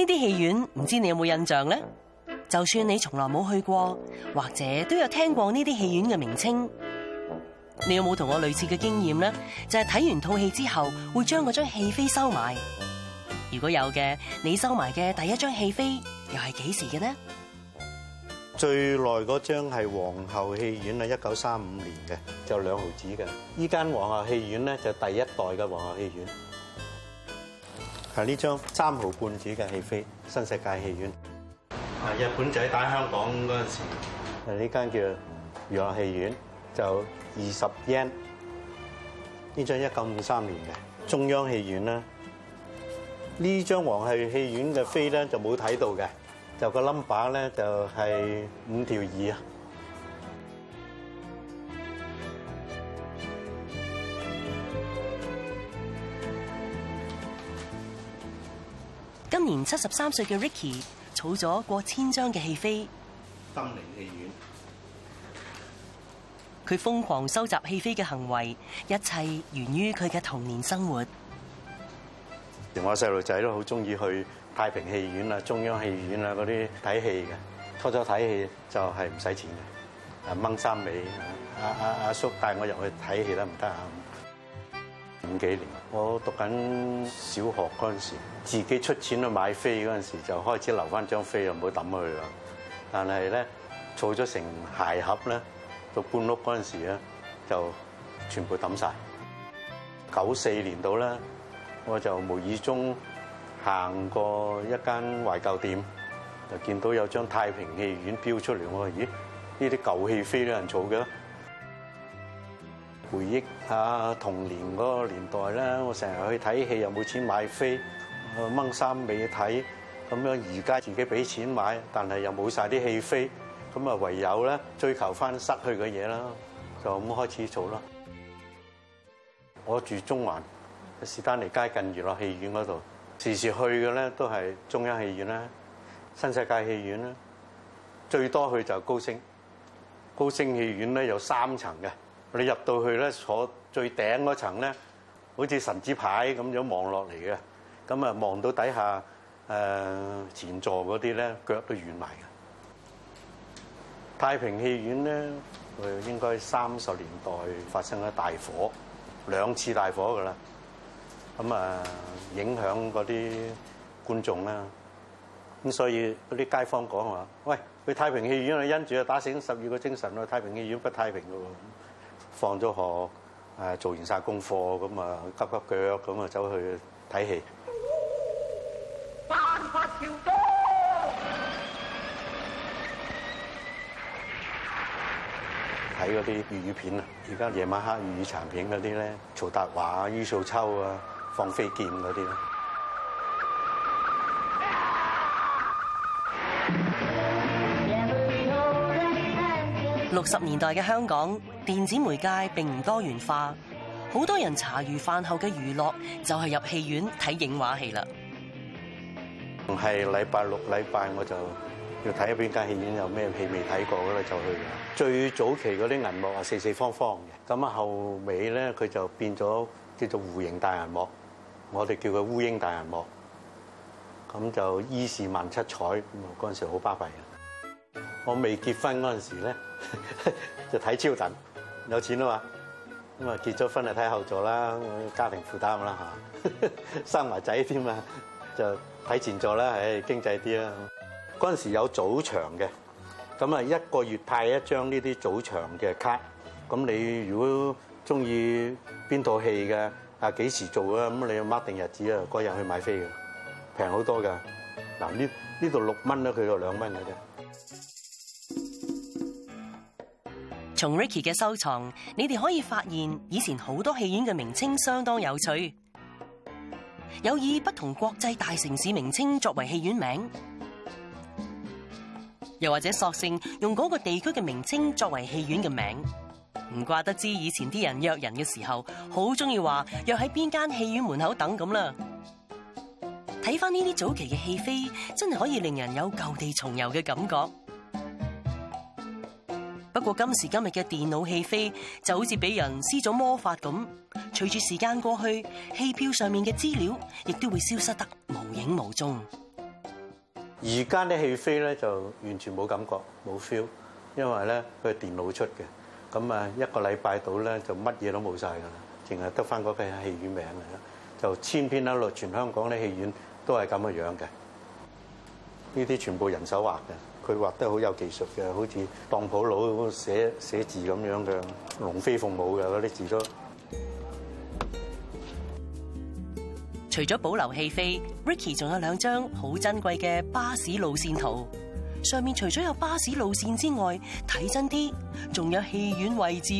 呢啲戲院唔知你有冇印象呢？就算你從來冇去過，或者都有聽過呢啲戲院嘅名稱，你有冇同我類似嘅經驗呢？就係睇完套戲之後，會將嗰張戲飛收埋。如果有嘅，你收埋嘅第一張戲飛又係幾時嘅呢？最耐嗰張係皇后戲院啦，一九三五年嘅，就兩毫子嘅。呢間皇后戲院咧，就第一代嘅皇后戲院。係呢張三毫半紙嘅戲飛，新世界戲院。係日本仔打香港嗰陣時候，係呢間叫娛樂戲院，就二十 yen。呢張一九五三年嘅中央戲院啦，呢張黃係戲院嘅飛咧就冇睇到嘅，就個 number 咧就係五條二啊。七十三歲嘅 Ricky 儲咗過千張嘅戲飛，登明戲院。佢瘋狂收集戲飛嘅行為，一切源於佢嘅童年生活。連我細路仔都好中意去太平戲院啦、中央戲院啦嗰啲睇戲嘅，初初睇戲就係唔使錢嘅，掹衫尾阿阿阿叔帶我入去睇戲得唔得啊？啊啊不得五幾年，我讀緊小學嗰陣時。自己出錢去買飛嗰陣時，就開始留翻張飛啊，唔好抌佢啦。但係咧，儲咗成鞋盒咧，到搬屋嗰陣時咧，就全部抌晒。九四年度咧，我就無意中行過一間懷舊店，就見到有張太平戲院標出嚟，我話咦，呢啲舊戲飛都有人儲嘅。回憶下童年嗰個年代咧，我成日去睇戲又冇錢買飛。掹衫未睇咁樣，而家自己俾錢買，但係又冇晒啲戲飛，咁啊唯有咧追求翻失去嘅嘢啦，就咁開始做啦。 我住中環，士丹利街近娛樂戲院嗰度，時時去嘅咧都係中央戲院啦、新世界戲院啦，最多去就高升高升戲院咧，有三層嘅。你入到去咧，坐最頂嗰層咧，好似神之牌咁樣望落嚟嘅。咁啊，望到底下誒前座嗰啲咧，腳都軟埋嘅。太平戲院咧，佢應該三十年代發生咗大火，兩次大火㗎啦。咁啊，影響嗰啲觀眾啦。咁所以嗰啲街坊講話：喂，去太平戲院去因住啊，打醒十二個精神啊！太平戲院不太平㗎喎，放咗學誒，做完晒功課咁啊，急急腳咁啊，走去。睇戲，睇嗰啲粵語片啊！而家夜晚黑粵語殘片嗰啲咧，曹達華、于素秋啊、放飛劍嗰啲咧。六十年代嘅香港電子媒介並唔多元化。好多人茶餘飯後嘅娛樂就係入戲院睇影畫戲啦。唔係禮拜六禮拜我就要睇下邊間戲院有咩戲未睇過嘅啦，就去。最早期嗰啲銀幕係四四方方嘅，咁啊後尾咧佢就變咗叫做弧形大銀幕，我哋叫佢烏蠅大銀幕。咁就伊士曼七彩，嗰陣時好巴閉嘅。我未結婚嗰陣時咧 就睇超等，有錢啊嘛。咁啊，結咗婚啊，睇後座啦，家庭負擔啦嚇，生埋仔添啊，就睇前座啦，誒經濟啲啊。嗰陣時有早場嘅，咁啊一個月派一張呢啲早場嘅卡。咁你如果中意邊套戲嘅，啊幾時做啊？咁你要掹定日子啊，嗰日去買飛嘅，平好多㗎。嗱呢呢度六蚊啦，佢就兩蚊嘅啫。從 Ricky 嘅收藏，你哋可以發現以前好多戲院嘅名稱相當有趣，有以不同國際大城市名稱作為戲院名，又或者索性用嗰個地區嘅名稱作為戲院嘅名。唔怪得知以前啲人約人嘅時候，好中意話約喺邊間戲院門口等咁啦。睇翻呢啲早期嘅戲飛，真係可以令人有舊地重遊嘅感覺。不過今時今日嘅電腦戲飛就好似俾人施咗魔法咁，隨住時間過去，戲票上面嘅資料亦都會消失得無影無蹤。而家啲戲飛咧就完全冇感覺冇 feel，因為咧佢係電腦出嘅，咁啊一個禮拜到咧就乜嘢都冇晒噶啦，淨係得翻嗰個戲院名嚟啦，就千篇一律。全香港啲戲院都係咁嘅樣嘅，呢啲全部人手畫嘅。佢畫得好有技術嘅，好似當鋪佬寫寫字咁樣嘅，龍飛鳳舞嘅嗰啲字都。除咗保留戲飛，Ricky 仲有兩張好珍貴嘅巴士路線圖。上面除咗有巴士路線之外，睇真啲仲有戲院位置。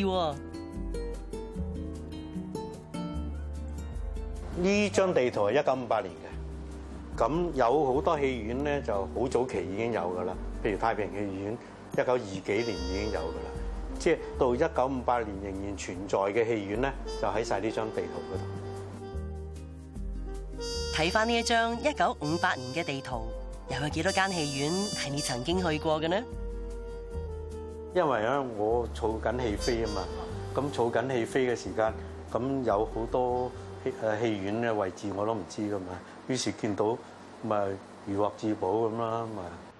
呢張地圖係一九五八年嘅，咁有好多戲院咧，就好早期已經有噶啦。譬如太平戲院，一九二幾年已經有噶啦，即係到一九五八年仍然存在嘅戲院咧，就喺晒呢張地圖嗰度。睇翻呢一張一九五八年嘅地圖，又有幾多間戲院係你曾經去過嘅呢？因為咧，我儲緊戲飛啊嘛，咁儲緊戲飛嘅時間，咁有好多戲、誒、戲院嘅位置我都唔知噶嘛。於是見到咪如、就是、獲至寶咁啦，咪、就是、～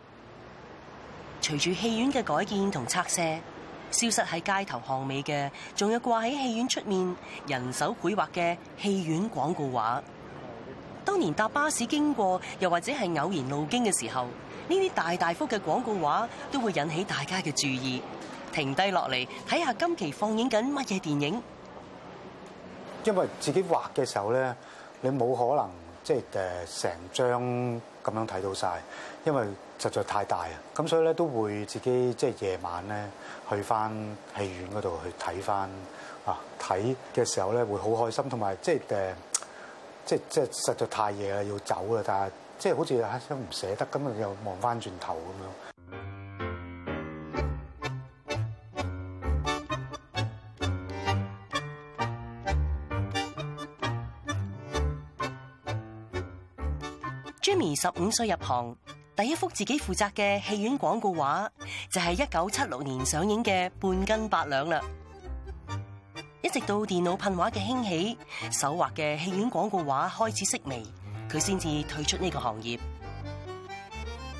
隨住戲院嘅改建同拆卸，消失喺街頭巷尾嘅，仲有掛喺戲院出面人手繪畫嘅戲院廣告畫。當年搭巴士經過，又或者係偶然路經嘅時候，呢啲大大幅嘅廣告畫都會引起大家嘅注意，停低落嚟睇下看看今期放映緊乜嘢電影。因為自己畫嘅時候咧，你冇可能即係誒成張咁樣睇到晒，因為。實在太大啊！咁所以咧都會自己即係夜晚咧去翻戲院嗰度去睇翻啊，睇嘅時候咧會好開心，同埋即係誒即即實在太夜啦，要走啦，但係即係好似又唔捨得，咁又望翻轉頭咁樣。Jimmy 十五歲入行。第一幅自己負責嘅戲院廣告畫就係一九七六年上映嘅《半斤八兩》啦。一直到電腦噴畫嘅興起，手畫嘅戲院廣告畫開始式微，佢先至退出呢個行業。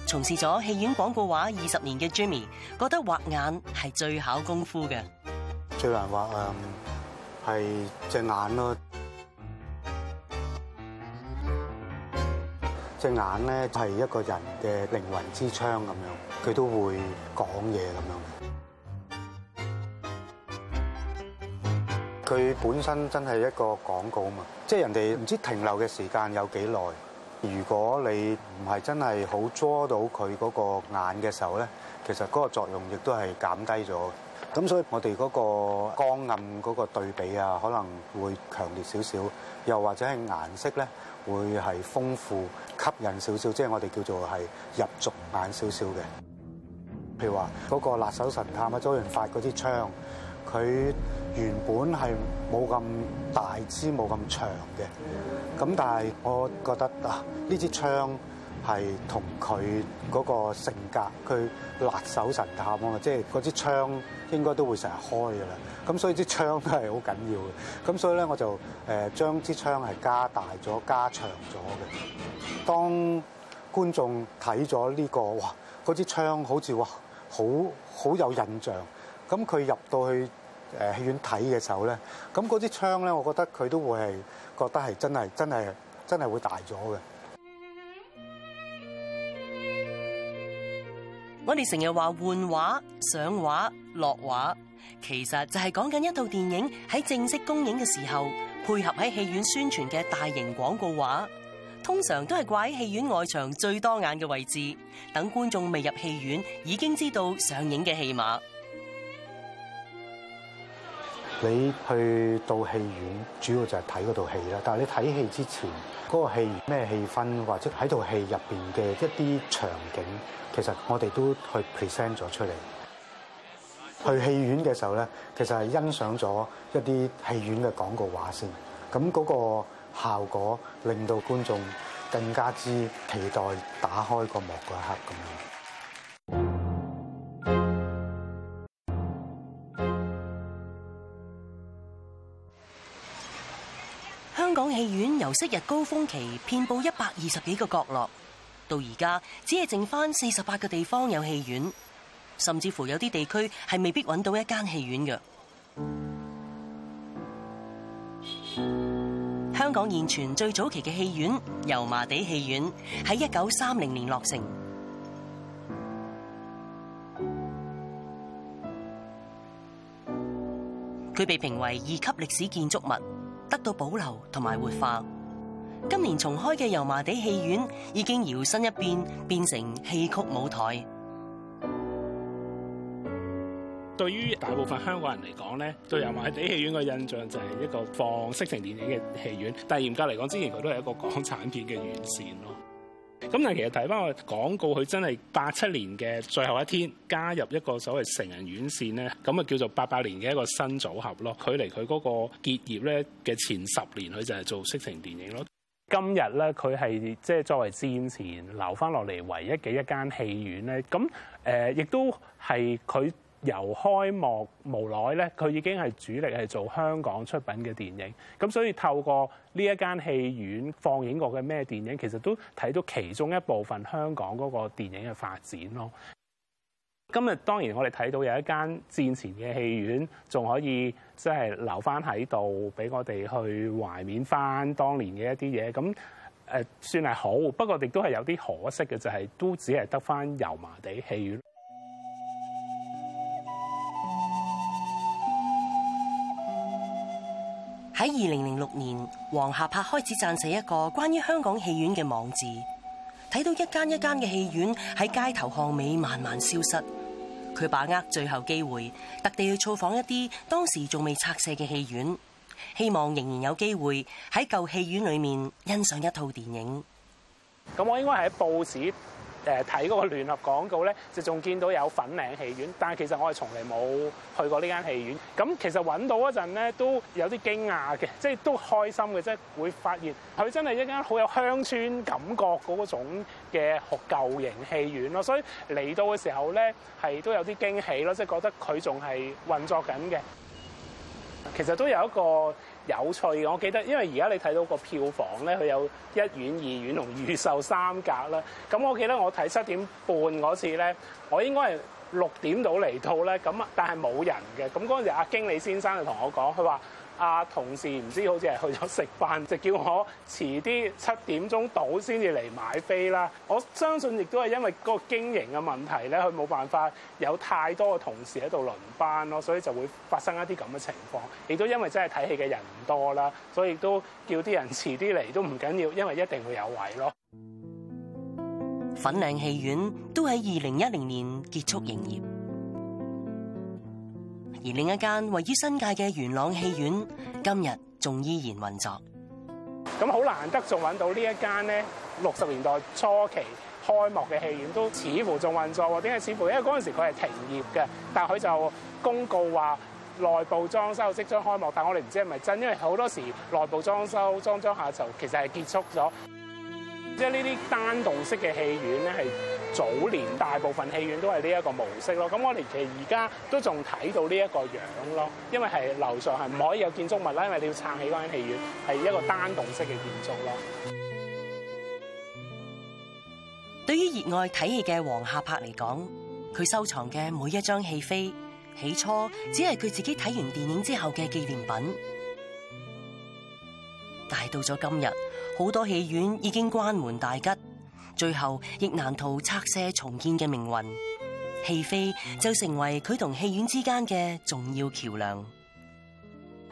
從事咗戲院廣告畫二十年嘅 Jimmy 覺得畫眼係最考功夫嘅，最難畫誒係隻眼咯。隻眼咧係一個人嘅靈魂之窗咁樣，佢都會講嘢咁樣。佢本身真係一個廣告啊嘛，即係人哋唔知停留嘅時間有幾耐。如果你唔係真係好捉到佢嗰個眼嘅時候咧，其實嗰個作用亦都係減低咗。咁所以我哋嗰個光暗嗰個對比啊，可能會強烈少少。又或者係顏色咧。會係豐富、吸引少少，即係我哋叫做係入俗眼少少嘅。譬如話嗰個《辣手神探》啊，周潤發嗰支槍，佢原本係冇咁大支、冇咁長嘅。咁但係我覺得呢支槍，啊係同佢嗰個性格，佢辣手神探啊，即係嗰支槍應該都會成日開嘅啦。咁所以支槍係好緊要嘅。咁所以咧，我就誒將支槍係加大咗、加長咗嘅。當觀眾睇咗呢個，哇！嗰支槍好似哇，好好有印象。咁佢入到去誒戲院睇嘅時候咧，咁嗰支槍咧，我覺得佢都會係覺得係真係真係真係會大咗嘅。我哋成日話換畫、上畫、落畫，其實就係講緊一套電影喺正式公映嘅時候，配合喺戲院宣傳嘅大型廣告畫，通常都係掛喺戲院外牆最多眼嘅位置，等觀眾未入戲院已經知道上映嘅戲碼。你去到戲院，主要就係睇嗰套戲啦。但係你睇戲之前，嗰、那個戲咩氣氛，或者喺套戲入面嘅一啲場景，其實我哋都去 present 咗出嚟。去戲院嘅時候咧，其實係欣賞咗一啲戲院嘅廣告畫先，咁、那、嗰個效果令到觀眾更加之期待打開個幕嗰一刻咁樣。由昔日高峰期，遍佈一百二十幾個角落，到而家只係剩翻四十八個地方有戲院，甚至乎有啲地區係未必揾到一間戲院嘅。香港現存最早期嘅戲院——油麻地戲院，喺一九三零年落成，佢被評為二級歷史建築物，得到保留同埋活化。今年重開嘅油麻地戲院已經搖身一變，變成戲曲舞台。對於大部分香港人嚟講咧，對油麻地戲院嘅印象就係一個放色情電影嘅戲院。但係嚴格嚟講，之前佢都係一個港產片嘅院線咯。咁但其實睇翻個廣告，佢真係八七年嘅最後一天加入一個所謂成人院線咧，咁啊叫做八八年嘅一個新組合咯。距離佢嗰個結業咧嘅前十年，佢就係做色情電影咯。今日咧，佢係即係作為戰前留翻落嚟唯一嘅一間戲院咧。咁誒，亦、呃、都係佢由開幕無耐，咧，佢已經係主力係做香港出品嘅電影。咁所以透過呢一間戲院放映過嘅咩電影，其實都睇到其中一部分香港嗰個電影嘅發展咯。今日當然我哋睇到有一間戰前嘅戲院仲可以即係留翻喺度，俾我哋去懷緬翻當年嘅一啲嘢，咁誒、呃、算係好。不過亦都係有啲可惜嘅，就係、是、都只係得翻油麻地戲院。喺二零零六年，黃夏柏開始撰寫一個關於香港戲院嘅網志，睇到一間一間嘅戲院喺街頭巷尾慢慢消失。佢把握最後機會，特地去造訪一啲當時仲未拆卸嘅戲院，希望仍然有機會喺舊戲院裏面欣賞一套電影。咁我應該係喺報紙。誒睇嗰個聯合廣告咧，就仲見到有粉嶺戲院，但係其實我係從嚟冇去過呢間戲院。咁其實揾到嗰陣咧，都有啲驚訝嘅，即係都開心嘅，即係會發現佢真係一間好有鄉村感覺嗰種嘅舊型戲院咯。所以嚟到嘅時候咧，係都有啲驚喜咯，即係覺得佢仲係運作緊嘅。其實都有一個。有趣嘅，我記得，因為而家你睇到個票房咧，佢有一院、二院同預售三格啦。咁我記得我睇七點半嗰次咧，我應該係六點到嚟到咧，咁但係冇人嘅。咁嗰陣時，阿經理先生就同我講，佢話。啊！同事唔知好似係去咗食飯，就叫我遲啲七點鐘到先至嚟買飛啦。我相信亦都係因為個經營嘅問題咧，佢冇辦法有太多嘅同事喺度輪班咯，所以就會發生一啲咁嘅情況。亦都因為真係睇戲嘅人唔多啦，所以也都叫啲人遲啲嚟都唔緊要，因為一定會有位咯。粉嶺戲院都喺二零一零年結束營業。而另一間位於新界嘅元朗戲院，今日仲依然運作。咁好難得仲揾到呢一間咧，六十年代初期開幕嘅戲院都似乎仲運作喎。點解似乎？因為嗰陣時佢係停業嘅，但係佢就公告話內部裝修即將開幕，但係我哋唔知係咪真，因為好多時內部裝修裝裝下就其實係結束咗。即係呢啲單棟式嘅戲院咧係。早年大部分戲院都係呢一個模式咯，咁我哋其實而家都仲睇到呢一個樣咯，因為係樓上係唔可以有建築物啦，因為你要撐起嗰間戲院係一個單棟式嘅建築咯。對於熱愛睇戲嘅黃夏柏嚟講，佢收藏嘅每一張戲飛，起初只係佢自己睇完電影之後嘅紀念品，但係到咗今日，好多戲院已經關門大吉。最後亦難逃拆卸重建嘅命運，戲飛就成為佢同戲院之間嘅重要橋樑。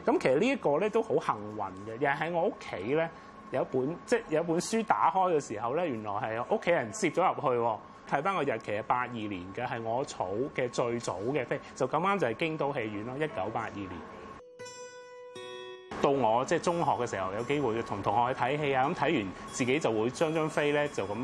咁其實呢一個咧都好幸運嘅，又喺我屋企咧有一本，即係有一本書打開嘅時候咧，原來係屋企人攝咗入去，睇翻個日期係八二年嘅，係我儲嘅最早嘅飛，就咁啱就係京都戲院咯，一九八二年。到我即係、就是、中學嘅時候，有機會同同學去睇戲啊，咁睇完自己就會將張飛咧就咁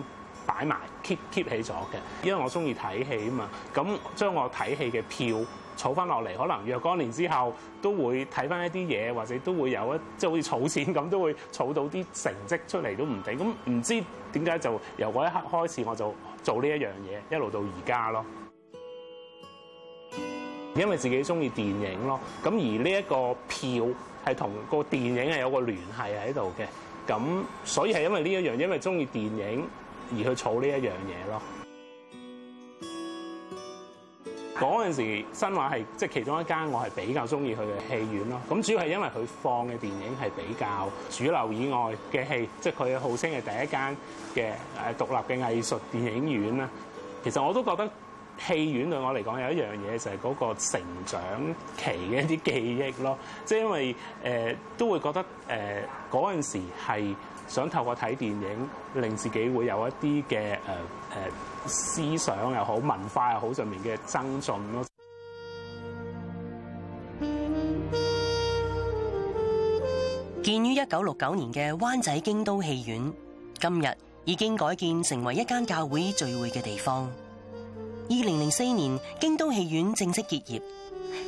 擺埋 keep keep 起咗嘅，因為我中意睇戲啊嘛。咁將我睇戲嘅票儲翻落嚟，可能若干年之後都會睇翻一啲嘢，或者都會有一即係好似儲錢咁，都會儲到啲成績出嚟都唔定。咁唔知點解就由 𠮶 一刻開始我就做呢一樣嘢，一路到而家咯。因為自己中意電影咯，咁而呢一個票係同個電影係有個聯繫喺度嘅，咁所以係因為呢一樣，因為中意電影而去儲呢一樣嘢咯。嗰陣時新華係即係其中一間，我係比較中意佢嘅戲院咯。咁主要係因為佢放嘅電影係比較主流以外嘅戲，即係佢號稱係第一間嘅誒獨立嘅藝術電影院啦。其實我都覺得。戲院對我嚟講有一樣嘢就係、是、嗰個成長期嘅一啲記憶咯，即、係、因為、呃、都會覺得誒嗰陣時係想透過睇電影令自己會有一啲嘅、呃、思想又好文化又好上面嘅增進咯。建於一九六九年嘅灣仔京都戲院，今日已經改建成為一間教會聚會嘅地方。二零零四年，京都戲院正式結業。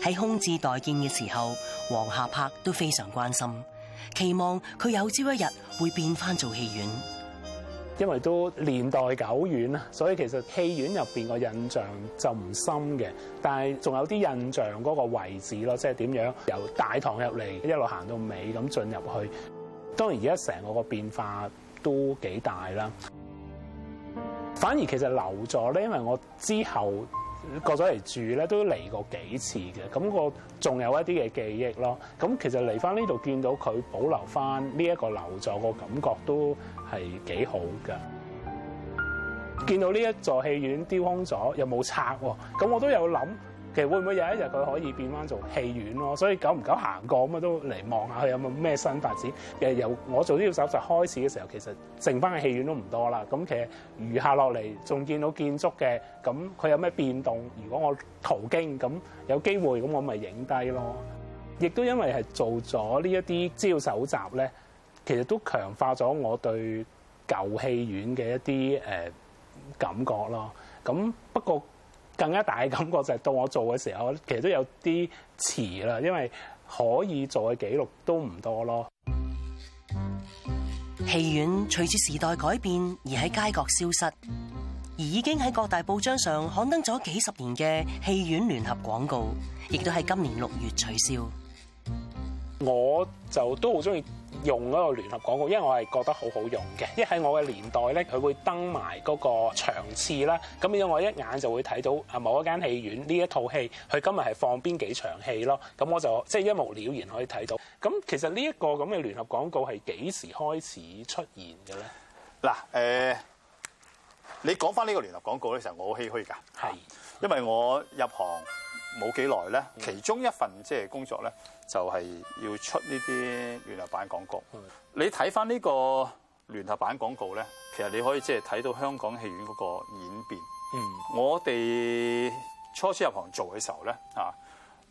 喺空置待建嘅時候，黃夏柏都非常關心，期望佢有朝一日會變翻做戲院。因為都年代久遠啦，所以其實戲院入邊個印象就唔深嘅，但係仲有啲印象嗰個位置咯，即係點樣由大堂入嚟一路行到尾咁進入去。當然而家成個個變化都幾大啦。反而其實留咗咧，因為我之後過咗嚟住咧，都嚟過幾次嘅，咁我仲有一啲嘅記憶咯。咁其實嚟翻呢度見到佢保留翻呢一個留座個感覺都係幾好㗎。見到呢一座戲院丟空咗又冇拆喎，咁我都有諗。其實會唔會有一日佢可以變翻做戲院咯？所以久唔久行過咁啊，都嚟望下佢有冇咩新發展。其實由我做呢啲手集開始嘅時候，其實剩翻嘅戲院都唔多啦。咁其實餘下落嚟仲見到建築嘅，咁佢有咩變動？如果我途經咁有機會，咁我咪影低咯。亦都因為係做咗呢一啲資料搜集咧，其實都強化咗我對舊戲院嘅一啲誒、呃、感覺咯。咁不過，更加大嘅感覺就係到我做嘅時候，其實都有啲遲啦，因為可以做嘅記錄都唔多咯。戲院隨住時代改變而喺街角消失，而已經喺各大報章上刊登咗幾十年嘅戲院聯合廣告，亦都喺今年六月取消。我就都好中意用嗰個聯合廣告，因為我係覺得好好用嘅。一喺我嘅年代咧，佢會登埋嗰個場次啦，咁樣我一眼就會睇到啊某一間戲院呢一套戲佢今日係放邊幾場戲咯，咁我就即係一目了然可以睇到。咁其實呢一個咁嘅聯合廣告係幾時開始出現嘅咧？嗱，誒，你講翻呢個聯合廣告嘅時候，我好唏噓㗎，係因為我入行，冇幾耐咧，其中一份即係工作咧，就係要出呢啲聯合版廣告。嗯、你睇翻呢個聯合版廣告咧，其實你可以即係睇到香港戲院嗰個演變。嗯、我哋初初入行做嘅時候咧，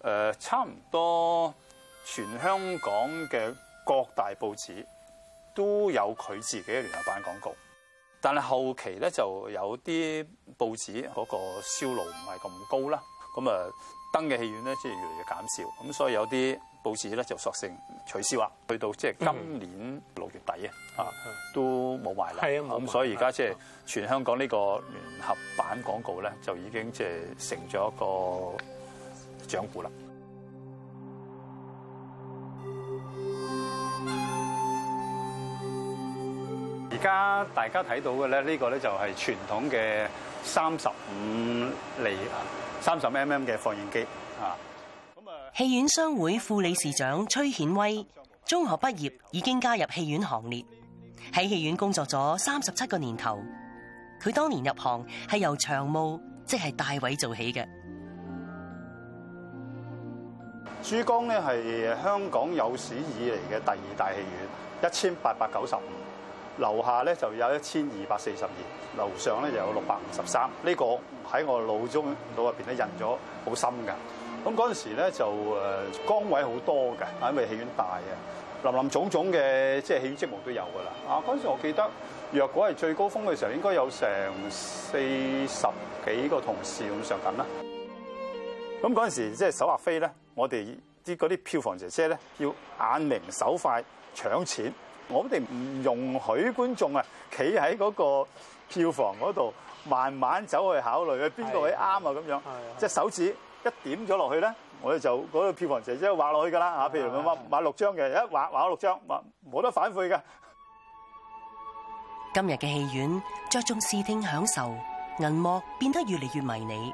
誒、差唔多全香港嘅各大報紙都有佢自己嘅聯合版廣告。但係後期咧就有啲報紙嗰個銷路唔係咁高啦，咁啊～登嘅戲院咧，即係越嚟越減少，咁所以有啲報紙咧就索性取消啦。去到即係今年六月底啊、嗯，都冇埋啦。咁所以而家即係全香港呢個聯合版廣告咧，就已經即係成咗一個掌故啦。而家大家睇到嘅咧，呢、呢個咧就係傳統嘅三十五厘。三十 mm 嘅放映機啊，咁啊，戲院商會副理事長崔顯威，中學畢業已經加入戲院行列，喺戲院工作咗三十七個年頭，佢當年入行係由長務即係大位做起嘅。珠江咧係香港有史以嚟嘅第二大戲院，一千八百九十五。樓下咧就有一千二百四十二，樓上咧就有六百五十三，呢個喺我腦中腦入面咧印咗好深㗎。咁嗰陣時咧就誒崗位好多嘅，因為戲院大嘅，林林總總嘅即係戲院職務都有㗎啦。啊，嗰陣時我記得，若果係最高峰嘅時候，應該有成四十幾個同事咁上緊啦。咁嗰陣時即係手劃飛咧，我哋啲嗰啲票房姐姐咧要眼靈手快搶錢。我哋唔容許觀眾啊，企喺嗰個票房嗰度，慢慢走去考慮啊，邊個位啱啊咁樣，隻手指一點咗落去咧，我哋就嗰、那個票房姐姐畫落去噶啦嚇。譬如佢買買六張嘅，一畫畫咗六張，冇得反悔㗎。今日嘅戲院着重視聽享受，銀幕變得越嚟越迷你，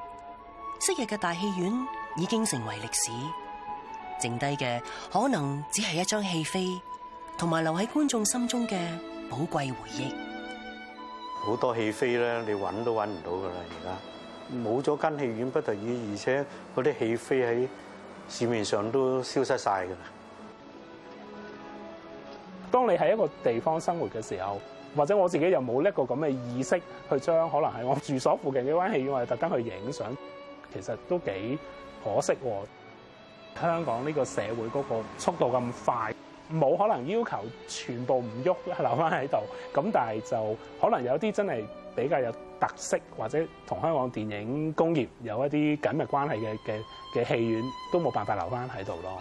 昔日嘅大戲院已經成為歷史，剩低嘅可能只係一張戲飛。同埋留喺觀眾心中嘅寶貴回憶，好多戲飛咧，你搵都搵唔到噶啦！而家冇咗間戲院，不得已，而且嗰啲戲飛喺市面上都消失晒噶啦。當你喺一個地方生活嘅時候，或者我自己又冇呢個咁嘅意識去將，可能係我住所附近嘅一間戲院，我哋特登去影相，其實都幾可惜。香港呢個社會嗰個速度咁快。冇可能要求全部唔喐，留翻喺度，咁但係就可能有啲真係比較有特色，或者同香港電影工業有一啲緊密關係嘅嘅嘅戲院，都冇辦法留翻喺度咯。